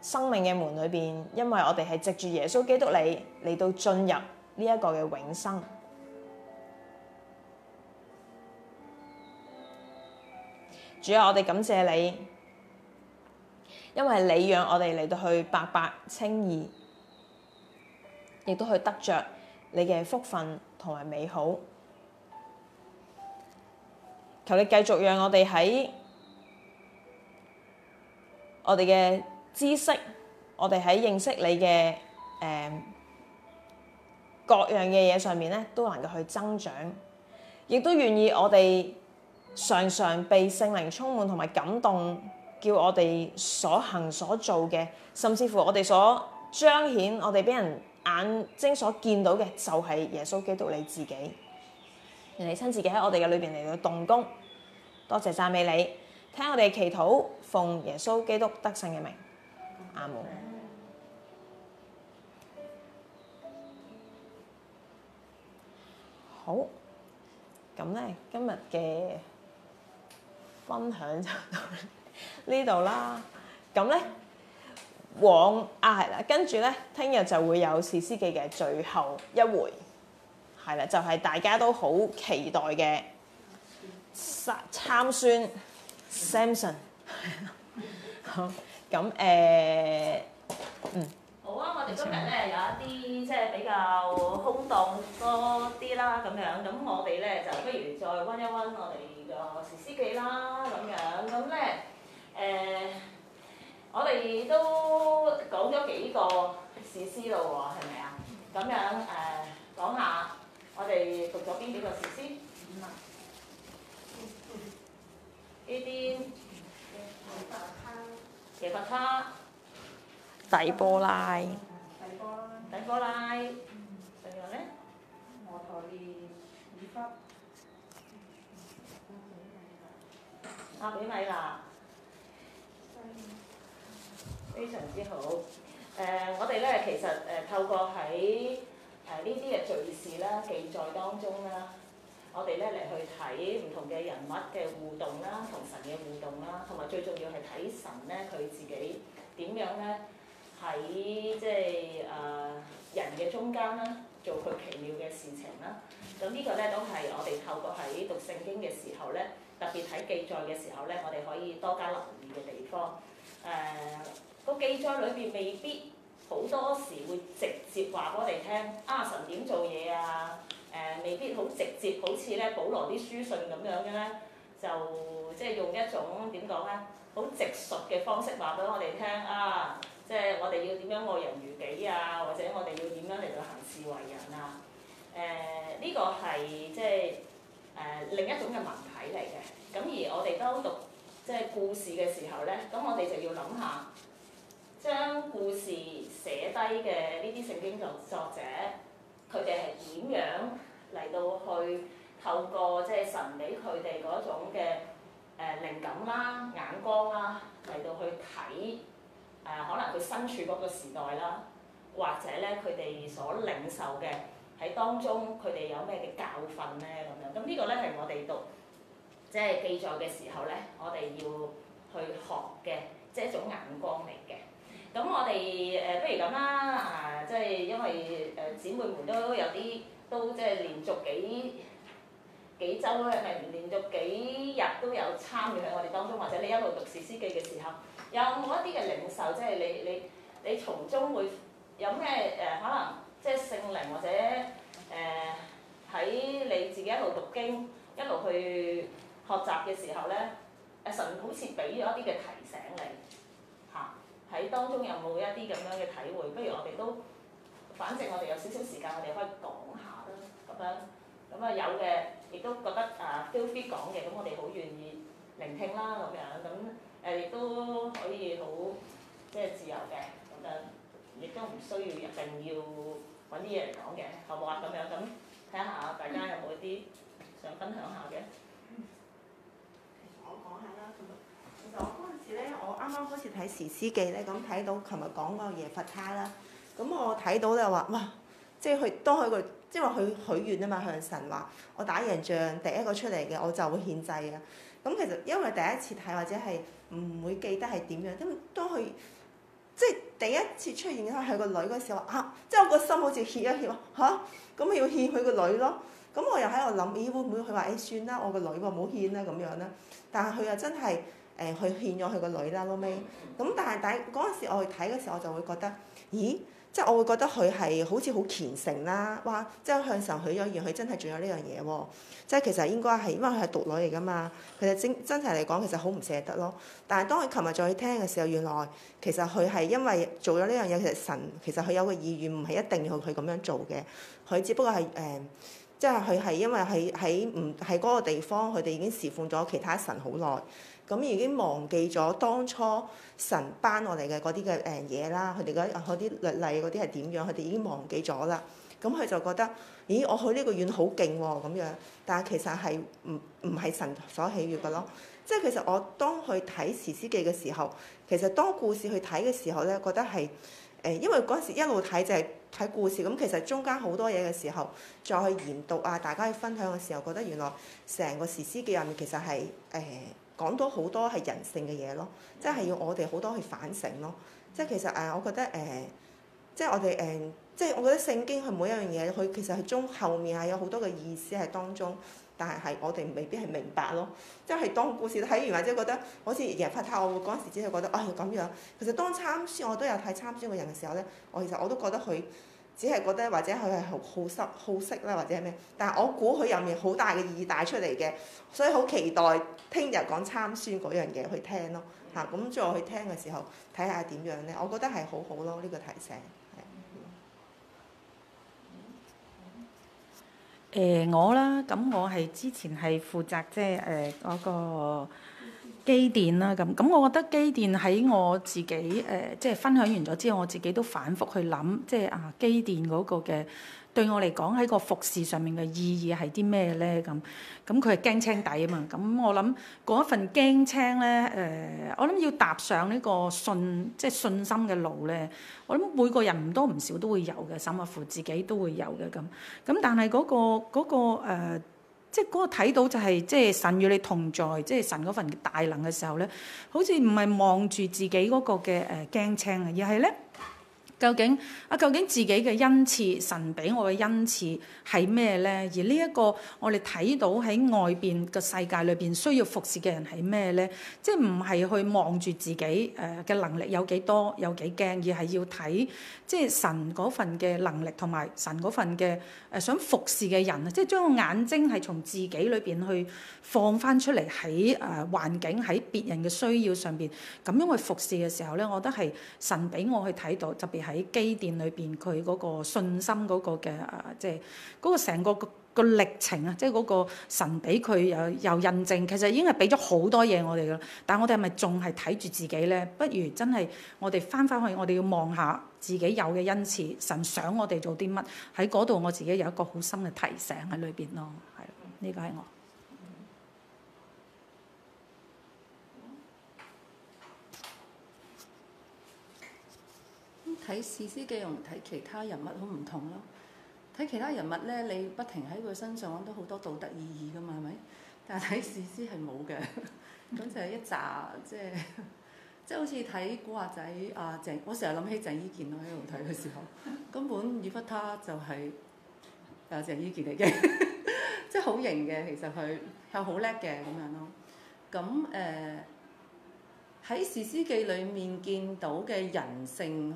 生命嘅門裏邊，因為我哋係藉住耶穌基督你嚟到進入呢一個嘅永生。主啊，我哋感謝你。因為你讓我哋嚟到去白白稱義，亦都去得着你嘅福分同埋美好。求你繼續讓我哋喺我哋嘅知識，我哋喺認識你嘅、呃、各樣嘅嘢上面咧，都能夠去增長，亦都願意我哋常常被聖靈充滿同埋感動。叫我哋所行所做嘅，甚至乎我哋所彰顯我哋俾人眼睛所見到嘅，就係、是、耶穌基督你自己，人哋親自嘅喺我哋嘅裏邊嚟到動工，多謝讚美你，聽我哋祈禱，奉耶穌基督得勝嘅名，阿們。好，咁呢今日嘅分享就到。呢度啦，咁咧往啊係啦，跟住咧，聽日就會有士師記嘅最後一回，係啦，就係、是、大家都好期待嘅參孫 Samson。Sam son, 嗯、 好，咁誒，欸欸、嗯，好啊，我哋今日咧有一啲即係比較空檔多啲啦，咁樣，咁我哋咧就不如再溫一溫我哋個士師記啦，咁樣，咁咧。誒，我哋都講咗幾個士師咯喎，係咪啊？咁樣誒，講下我哋讀咗邊幾個士師？呢啲耶弗他，底波拉，底波拉，底波拉。仲有呢？摩托利，耳窟，亞比米勒。非常之好。誒、呃，我哋咧其實誒、呃、透過喺誒呢啲嘅敘事啦、記載當中啦、啊，我哋咧嚟去睇唔同嘅人物嘅互動啦、同、啊、神嘅互動啦，同、啊、埋最重要係睇神咧佢自己點樣咧喺即係誒、呃、人嘅中間啦，做佢奇妙嘅事情啦。咁、啊、呢個咧都係我哋透過喺讀聖經嘅時候咧，特別喺記載嘅時候咧，我哋可以多加留意嘅地方誒。呃個記載裏邊未必好多時會直接話俾我哋聽啊神點做嘢啊？誒、啊呃，未必好直接，好似咧保羅啲書信咁樣嘅咧，就即係用一種點講咧，好直述嘅方式話俾我哋聽啊，即係我哋要點樣愛人如己啊，或者我哋要點樣嚟到行事為人啊？誒、呃、呢、這個係即係誒、呃、另一種嘅文體嚟嘅。咁而我哋都讀即係故事嘅時候咧，咁我哋就要諗下。將故事寫低嘅呢啲聖經作作者，佢哋係點樣嚟到去透過即係神俾佢哋嗰種嘅誒靈感啦、眼光啦嚟到去睇誒、呃、可能佢身處嗰個時代啦，或者咧佢哋所領受嘅喺當中佢哋有咩嘅教訓咧咁樣。咁呢個咧係我哋讀即係、就是、記載嘅時候咧，我哋要去學嘅，即、就、係、是、一種眼光嚟嘅。咁我哋誒不如咁啦，啊，即係因為誒姊妹們都有啲都即係連續幾幾週啊，咪連續幾日都有參與喺我哋當中，或者你一路讀士師記嘅時候，有冇一啲嘅領受？即係你你你從中會有咩誒？可能即係聖靈或者誒喺你自己一路讀經一路去學習嘅時候咧，神好似俾咗一啲嘅提。當中有冇一啲咁樣嘅體會？不如我哋都，反正我哋有少少時間，我哋可以講下啦，咁樣咁啊有嘅，亦都覺得啊都必講嘅，咁我哋好願意聆聽啦，咁樣咁誒亦都可以好即係自由嘅，咁樣亦都唔需要一定要揾啲嘢嚟講嘅，好冇好啊？咁樣咁睇下大家有冇一啲想分享下嘅，我講下啦。 我嗰陣時咧，我啱啱開始睇《士師記》咧，咁睇到琴日講嗰個耶弗他啦，咁我睇到就話哇，即係去當佢個，即係話佢許願啊嘛，向神話我打贏仗第一個出嚟嘅，我就會獻祭啊。咁其實因為第一次睇或者係唔會記得係點樣，咁當佢即係第一次出現係個女嗰時候，話啊，即係我個心好似怯一怯，嚇，咁咪要獻佢個、啊、女咯。咁我又喺度諗，咦，會唔會佢話誒算啦，我個女喎唔好獻啦咁樣啦。但係佢又真係。誒，去獻咗佢個女啦，後尾。咁。但係但嗰陣時，我去睇嘅時候，我就會覺得，咦，即係我會覺得佢係好似好虔誠啦、啊，哇！即係向神許咗願，佢真係仲有呢樣嘢喎。即係其實應該係因為佢係獨女嚟㗎嘛，其實真實嚟講，其實好唔捨得咯。但係當佢琴日再去聽嘅時候，原來其實佢係因為做咗呢樣嘢，其實神其實佢有個意願，唔係一定要佢咁樣做嘅。佢只不過係誒、呃，即係佢係因為喺喺唔喺嗰個地方，佢哋已經侍奉咗其他神好耐。咁已經忘記咗當初神班落嚟嘅嗰啲嘅誒嘢啦，佢哋嗰啲律例嗰啲係點樣？佢哋已經忘記咗啦。咁佢就覺得咦，我去呢個院好勁喎咁樣，但係其實係唔唔係神所喜悅嘅咯。即係其實我當去睇《士師記》嘅時候，其實當故事去睇嘅時候咧，覺得係誒，因為嗰陣時一路睇就係、是、睇故事咁，其實中間好多嘢嘅時候再去研讀啊，大家去分享嘅時候，覺得原來成個《士師記》入面其實係誒。呃講到好多係人性嘅嘢咯，即係要我哋好多去反省咯。即係其實誒，我覺得誒、呃，即係我哋誒、呃，即係我覺得聖經佢每一樣嘢，佢其實係中後面係有好多嘅意思喺當中，但係係我哋未必係明白咯。即係當故事睇完或者覺得，好似《耶弗他》我嗰陣時只係覺得，哦、哎、咁樣。其實當參書我都有睇參書嘅人嘅時候咧，我其實我都覺得佢。只係覺得或者佢係好好識好識啦，或者咩？但係我估佢入面好大嘅意義帶出嚟嘅，所以好期待聽日講參孫嗰樣嘢去聽咯嚇。咁、嗯、再去聽嘅時候睇下點樣咧？我覺得係好好咯，呢、呢個提醒。誒、欸、我啦，咁我係之前係負責即係誒嗰個。機電啦咁，咁我覺得機電喺我自己誒，即、呃、係、就是、分享完咗之後，我自己都反覆去諗，即、就、係、是、啊機電嗰個嘅對我嚟講喺個服侍上面嘅意義係啲咩咧？咁，咁佢係驚青底啊嘛，咁我諗嗰一份驚青咧誒，我諗、呃、要踏上呢個信，即係信心嘅路咧，我諗每個人唔多唔少都會有嘅，甚或乎自己都會有嘅咁，咁但係嗰、嗰個嗰、嗰個呃即係嗰個睇到就係即神與你同在，即係神嗰份大能嘅時候呢，好似唔係望住自己嗰個嘅誒驚青，而係咧。究竟啊，究竟自己嘅恩賜神俾我嘅恩賜係咩咧？而呢一個我哋睇到喺外邊嘅世界裏邊需要服侍嘅人係咩咧？即係唔係去望住自己誒嘅、呃、能力有幾多有幾驚，而係要睇即係神份嘅能力同埋神份嘅誒、呃、想服侍嘅人啊，即係將個眼睛係從自己裏邊去放翻出嚟喺誒環境喺別人嘅需要上邊，咁樣去服侍嘅時候咧，我覺得係神俾我去睇到，特別係。喺基甸裏邊，佢嗰個信心嗰個嘅啊，即係嗰個成個個歷程啊，即係嗰個神俾佢又又印證，其實已經係俾咗好多嘢我哋咯。但係我哋係咪仲係睇住自己咧？不如真係我哋翻返去，我哋要望下自己有嘅恩賜，神想我哋做啲乜喺嗰度，我自己有一個好深嘅提醒喺裏邊咯。係，呢個係我。睇士師記同睇其他人物好唔同咯。睇其他人物咧，你不停喺佢身上揾到好多道德意義噶嘛，係咪？但係睇士師記係冇嘅，咁 就係一紮即係即係好似睇古惑仔啊鄭，我成日諗起鄭伊健喺度睇嘅時候， 根本與忽，他就係、是、阿、啊、鄭伊健嚟嘅， 即係好型嘅，其實佢又好叻嘅咁樣咯。咁誒喺士師記裏面見到嘅人性。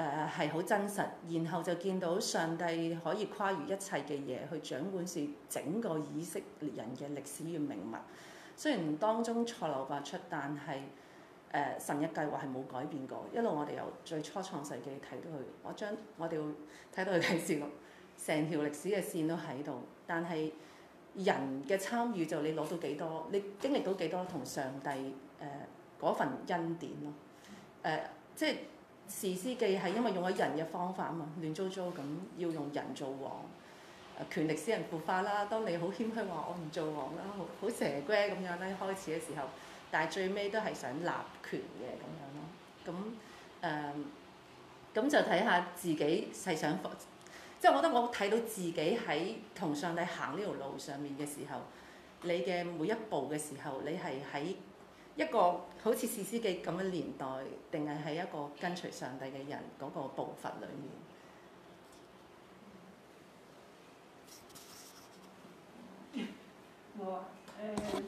誒係好真實，然後就見到上帝可以跨越一切嘅嘢去掌管住整個以色列人嘅歷史與命脈。雖然當中錯漏百出，但係誒、呃、神一計劃係冇改變過。一路我哋由最初創世記睇到佢，我將我哋睇到佢睇錄，成條歷史嘅線都喺度。但係人嘅參與就你攞到幾多，你經歷到幾多同上帝誒嗰、呃、份恩典咯。誒、呃、即係。士師記係因為用咗人嘅方法啊嘛，亂糟糟咁要用人做王，啊、權力使人腐化啦。當你好謙虛話我唔做王啦，好好蛇頸咁樣咧開始嘅時候，但係最尾都係想立權嘅咁樣咯。咁誒，咁、呃、就睇下自己係想，即、就、係、是、我覺得我睇到自己喺同上帝行呢條路上面嘅時候，你嘅每一步嘅時候，你係喺。一個好似士師記咁嘅年代，定係喺一個跟隨上帝嘅人嗰個步伐裏面。我誒，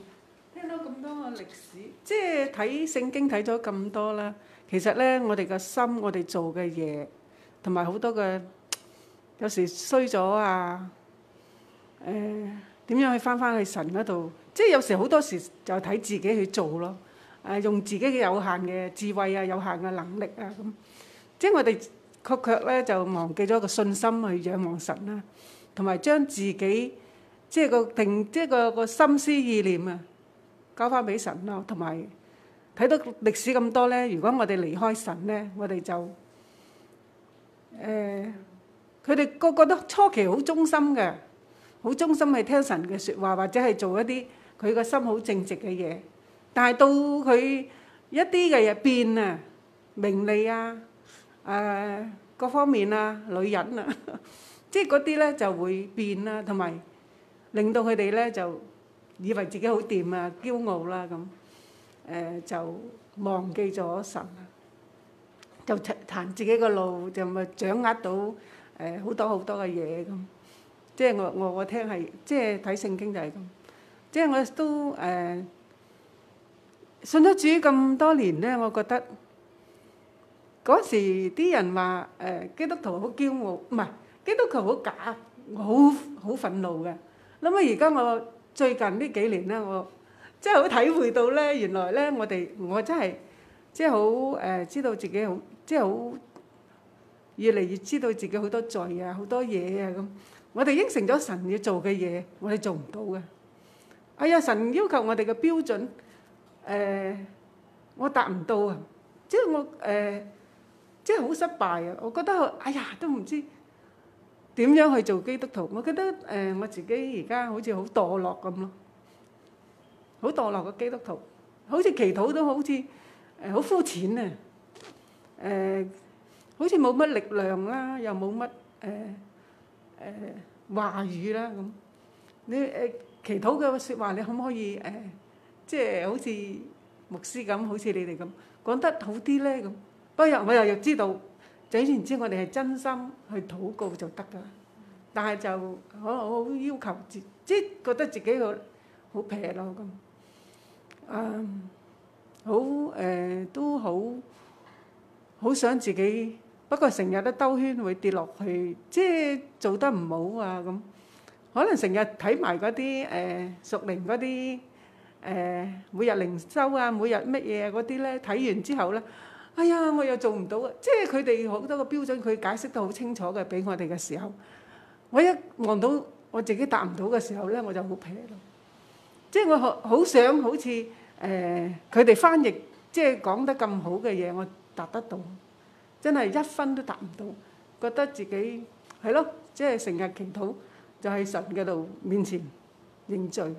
聽到咁多嘅歷史，即係睇聖經睇咗咁多啦。其實咧，我哋嘅心，我哋做嘅嘢，同埋好多嘅，有時衰咗啊。誒，點樣去返返去神嗰度？即係有時好多時就睇自己去做咯，誒用自己嘅有限嘅智慧啊、有限嘅能力啊咁。即係我哋確確咧就忘記咗個信心去仰望神啦，同埋將自己即係個定即係個個心思意念啊交翻俾神咯，同埋睇到歷史咁多咧。如果我哋離開神咧，我哋就誒佢哋個個都初期好忠心嘅，好忠心去聽神嘅說話或者係做一啲。佢個心好正直嘅嘢，但係到佢一啲嘅嘢變啊，名利啊，誒、呃、各方面啊，女人啊， 即係嗰啲咧就會變啦，同埋令到佢哋咧就以為自己好掂啊，驕傲啦咁，誒、呃、就忘記咗神啊，就彈自己嘅路，就咪掌握到誒好多好多嘅嘢咁，即係我我我聽係即係睇聖經就係咁。即係我都誒、呃、信咗主咁多年咧，我覺得嗰時啲人話誒、呃、基督徒好驕傲，唔係基督徒好假，我好好憤怒嘅。諗起而家我最近呢幾年咧，我即係好體會到咧，原來咧我哋我真係即係好誒知道自己好即係好越嚟越知道自己好多罪啊，好多嘢啊咁。我哋應承咗神要做嘅嘢，我哋做唔到嘅。哎呀，神要求我哋嘅標準，誒、呃，我達唔到啊！即係我誒、呃，即係好失敗啊！我覺得我，哎呀，都唔知點樣去做基督徒。我覺得誒、呃，我自己而家好似好墮落咁咯，好墮落嘅基督徒，好似祈禱都好似誒好膚淺啊！誒、呃呃，好似冇乜力量啦，又冇乜誒誒話語啦咁，你誒。呃祈禱嘅説話，你可唔可以誒、呃，即係好似牧師咁，好似你哋咁講得好啲咧咁？不過我又又知道，總然之，我哋係真心去禱告就得噶啦。但係就可能我好要求自，即係覺得自己好好平咯。咁。嗯，好誒、呃、都好好想自己，不過成日都兜圈會跌落去，即係做得唔好啊咁。可能成日睇埋嗰啲誒、屬靈嗰啲誒、每日靈修啊，每日乜嘢嗰啲咧，睇完之後咧，哎呀我又做唔到啊！即係佢哋好多個標準，佢解釋得好清楚嘅，俾我哋嘅時候，我一望到我自己答唔到嘅時候咧，我就好撇咯。即係我好想好想好似誒佢哋翻譯，即係講得咁好嘅嘢，我答得到，真係一分都答唔到，覺得自己係咯，即係成日祈禱。就喺神嗰度面前認罪，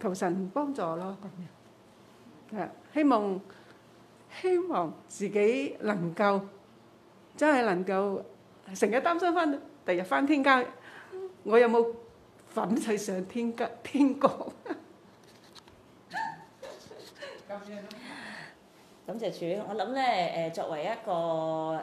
求神幫助咯咁樣，係希望希望自己能夠真係能夠成日擔心翻，第日翻天，天街，我有冇粉粹上天間天國？ 這樣 感謝主，我諗咧誒，作為一個誒、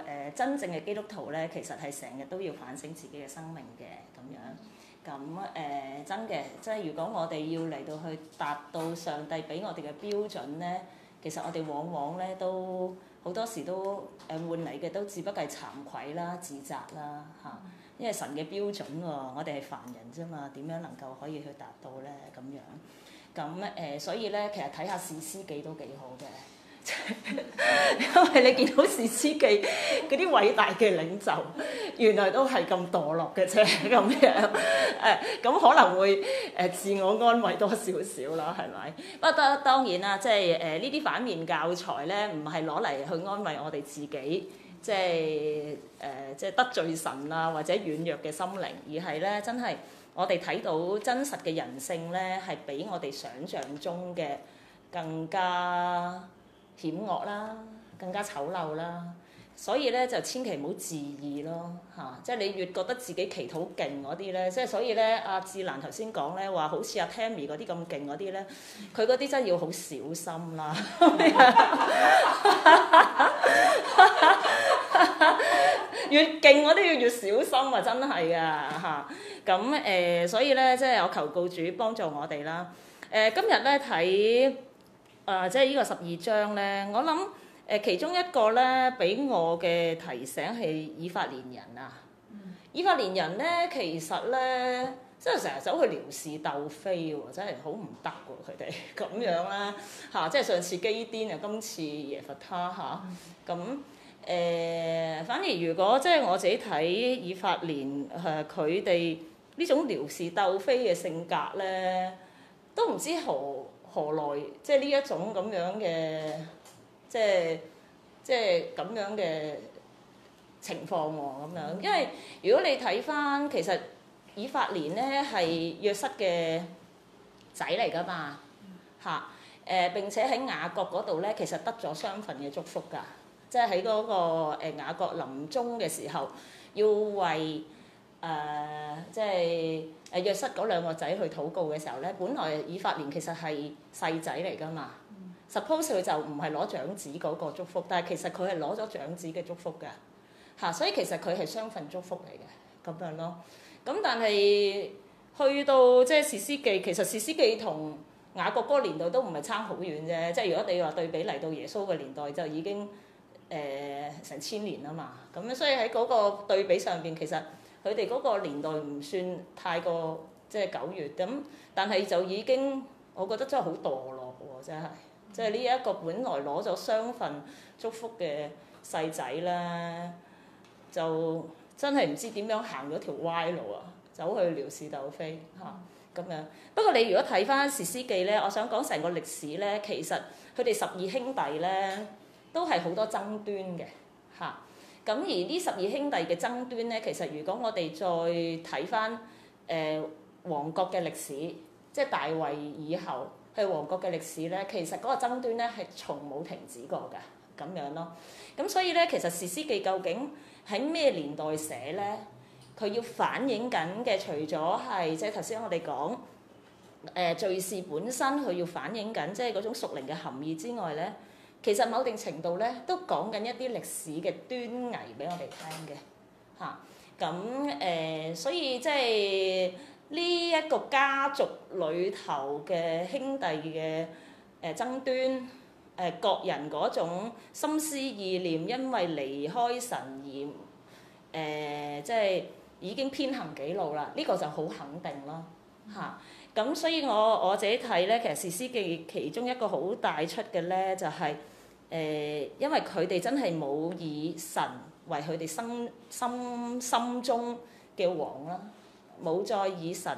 呃、真正嘅基督徒咧，其實係成日都要反省自己嘅生命嘅咁樣。咁誒、呃、真嘅，即係如果我哋要嚟到去達到上帝俾我哋嘅標準咧，其實我哋往往咧都好多時都誒換嚟嘅，都只不過係慚愧啦、自責啦嚇，因為神嘅標準喎、哦，我哋係凡人啫嘛，點樣能夠可以去達到咧咁樣？咁誒、呃，所以咧，其實睇下思思《士師記》都幾好嘅。因為你見到士師記嗰啲偉大嘅領袖，原來都係咁墮落嘅啫，咁樣誒咁可能會誒自我安慰多少少啦，係咪？不過當然啦，即係誒呢啲反面教材咧，唔係攞嚟去安慰我哋自己，即係誒即係得罪神啦，或者軟弱嘅心靈，而係咧真係我哋睇到真實嘅人性咧，係比我哋想象中嘅更加險惡啦，更加醜陋啦，所以咧就千祈唔好自意咯，嚇、啊！即係你越覺得自己祈禱勁嗰啲咧，即係所以咧，阿、啊、志蘭頭先講咧話，好似阿 Tammy 嗰啲咁勁嗰啲咧，佢嗰啲真係要好小心啦， 越勁嗰啲要越小心啊！真係噶嚇，咁、啊、誒、呃，所以咧即係我求告主幫助我哋啦，誒、呃、今日咧睇。誒、呃、即係呢個十二章咧，我諗誒、呃、其中一個咧俾我嘅提醒係以法蓮人啊，嗯、以法蓮人咧其實咧即係成日走去撩事鬥非喎，真係好唔得喎佢哋咁樣啦，嚇、啊，即係上次基甸啊，今次耶弗他嚇，咁、啊、誒、嗯嗯呃、反而如果即係我自己睇以法蓮誒佢哋呢種撩事鬥非嘅性格咧，都唔知何？何來即係呢一種咁樣嘅，即係即係咁樣嘅情況喎、啊？咁樣，因為如果你睇翻其實以法蓮咧係約瑟嘅仔嚟噶嘛，嚇誒、嗯啊呃！並且喺雅各嗰度咧，其實得咗雙份嘅祝福㗎，即係喺嗰個、呃、雅各臨終嘅時候，要為，誒，uh, 即係誒約瑟嗰兩個仔去禱告嘅時候咧，本來以法蓮其實係細仔嚟噶嘛。Mm. Suppose 佢就唔係攞長子嗰個祝福，但係其實佢係攞咗長子嘅祝福嘅嚇、啊，所以其實佢係雙份祝福嚟嘅咁樣咯。咁但係去到即係士師記，其實士師記同雅各嗰年代都唔係差好遠啫。即係如果你話對比嚟到耶穌嘅年代，就已經誒、呃、成千年啦嘛。咁樣所以喺嗰個對比上邊，其實～佢哋嗰個年代唔算太過即係久遠，咁但係就已經我覺得真係好墮落喎，真係，即係呢一個本來攞咗雙份祝福嘅細仔咧，就真係唔知點樣行咗條歪路、嗯、啊，走去撩事鬥非嚇咁樣。不過你如果睇翻《士師記》咧，我想講成個歷史咧，其實佢哋十二兄弟咧都係好多爭端嘅嚇。啊咁而呢十二兄弟嘅爭端咧，其實如果我哋再睇翻誒王國嘅歷史，即係大衛以後係王國嘅歷史咧，其實嗰個爭端咧係從冇停止過嘅咁樣咯。咁所以咧，其實士師記究竟喺咩年代寫咧？佢要反映緊嘅除咗係即係頭先我哋講誒敍事本身佢要反映緊即係嗰種屬靈嘅含義之外咧。其實某定程度咧，都講緊一啲歷史嘅端倪俾我哋聽嘅，嚇咁誒，所以即係呢一個家族裏頭嘅兄弟嘅誒、呃、爭端，誒、呃、各人嗰種心思意念，因為離開神而誒，即、呃、係、就是、已經偏行己路啦，呢、這個就好肯定啦，嚇、啊。咁所以我我自己睇咧，其實《士師記》其中一個好大出嘅咧，就係、是、誒、呃，因為佢哋真係冇以神為佢哋心心心中嘅王啦，冇再以神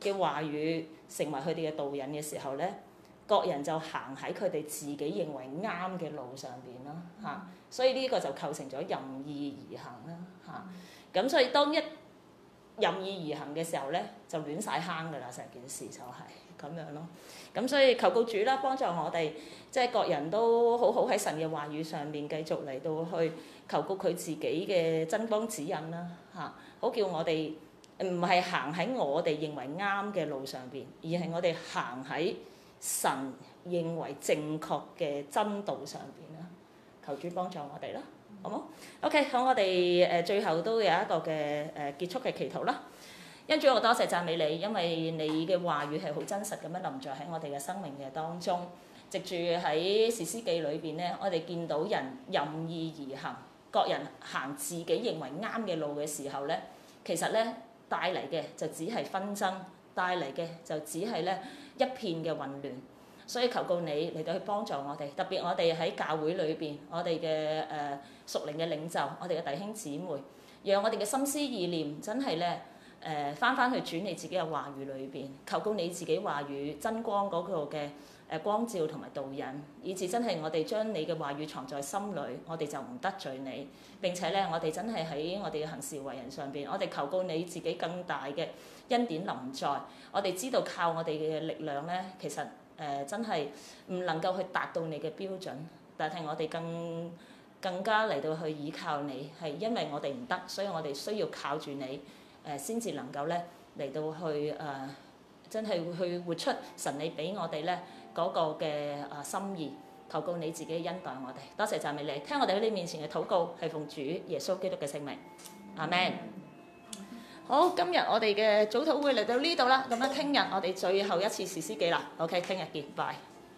嘅話語成為佢哋嘅導引嘅時候咧，各人就行喺佢哋自己認為啱嘅路上邊啦，嚇、嗯啊，所以呢個就構成咗任意而行啦，嚇、啊，咁、嗯、所以當一任意而行嘅時候咧，就亂晒坑噶啦！成件事就係咁樣咯。咁所以求告主啦，幫助我哋，即係各人都好好喺神嘅話語上面繼續嚟到去求告佢自己嘅真光指引啦。嚇，好叫我哋唔係行喺我哋認為啱嘅路上邊，而係我哋行喺神認為正確嘅真道上邊啦。求主幫助我哋啦！好冇？OK，好，我哋誒、呃、最後都有一個嘅誒、呃、結束嘅祈禱啦。恩主，我多謝讚美你，因為你嘅話語係好真實咁樣臨在喺我哋嘅生命嘅當中。藉住喺《士師記》裏邊咧，我哋見到人任意而行，各人行自己認為啱嘅路嘅時候咧，其實咧帶嚟嘅就只係紛爭，帶嚟嘅就只係咧一片嘅混亂。所以求告你嚟到去幫助我哋，特別我哋喺教會裏邊，我哋嘅誒屬靈嘅領袖，我哋嘅弟兄姊妹，讓我哋嘅心思意念真係咧誒翻翻去轉你自己嘅話語裏邊，求告你自己話語增光嗰度嘅誒光照同埋導引，以至真係我哋將你嘅話語藏在心裏，我哋就唔得罪你。並且咧，我哋真係喺我哋嘅行事為人上邊，我哋求告你自己更大嘅恩典臨在。我哋知道靠我哋嘅力量咧，其實。誒、呃、真係唔能夠去達到你嘅標準，但係我哋更更加嚟到去依靠你，係因為我哋唔得，所以我哋需要靠住你誒，先、呃、至能夠咧嚟到去誒、呃、真係去活出神你俾我哋咧嗰個嘅誒、啊、心意，投告你自己恩待我哋。多謝讚美你，聽我哋喺你面前嘅禱告，係奉主耶穌基督嘅聖名，阿門。好，今日我哋嘅早禱會嚟到呢度啦，咁樣聽日我哋最後一次士師記啦，OK，聽日見，拜。